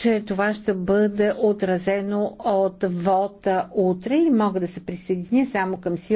че това ще бъде отразено от вота утре и мога да се присъединя само към си